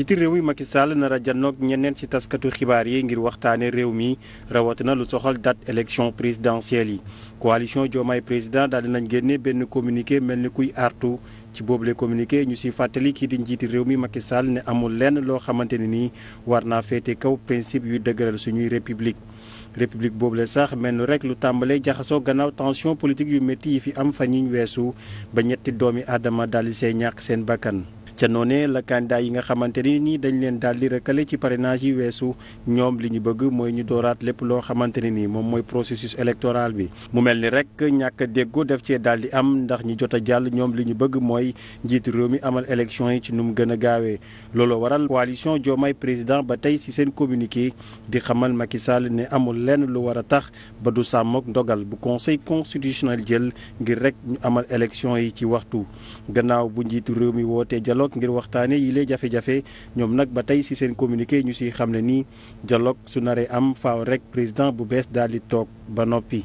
jiiti réew mi Macky Sall nar a jannoog ñeneen ci taskatu xibaar yi ngir waxtaane réew mi rawatina lu soxal dat élection présidentielle yi coalition Diomaye président daal dinañ génnee benn communiqué mel ni kuy artu ci boobule communiqué ñu si fàttali kii di njiiti réew mi Macky Sall ne amul lenn loo xamante ne nii war naa féete kaw principe yuy dëgëral suñuy république république boobule sax mel ni rek lu tàmbalee jaxasoo gannaaw tension politique yu métti yi fi am fa ñu weesu ba ñetti doomi aadama daal ñàkk seen bakkan. ca noonee la candidat yi nga xamante ni nii dañu leen daal di rëkkale ci parrainage yi weesu ñoom li ñu bëgg mooy ñu dooraat lépp loo xamante ne nii moom mooy processus électoral bi mu mel ni rek ñàkk déggoo def cee daal di am ndax ñi jot a jàll ñoom li ñu bëgg mooy njiitu réew mi amal élection yi ci nu mu gën a gaawee loolu waral coalition Diomaye Président ba tey ci seen communiqué di xamal Macky Sall ne amul lenn lu war a tax ba du sàmmook ndogal bu conseil constitutionnel jël ngir rek ñu amal élection yi ci waxtu gannaaw bu njiitu ngir waxtaane yi lee jafe-jafe ñoom nag ba tey si seen communiqué ñu si xam ne nii dialogue su naree am faw rek président bu bees daal di toog ba noppi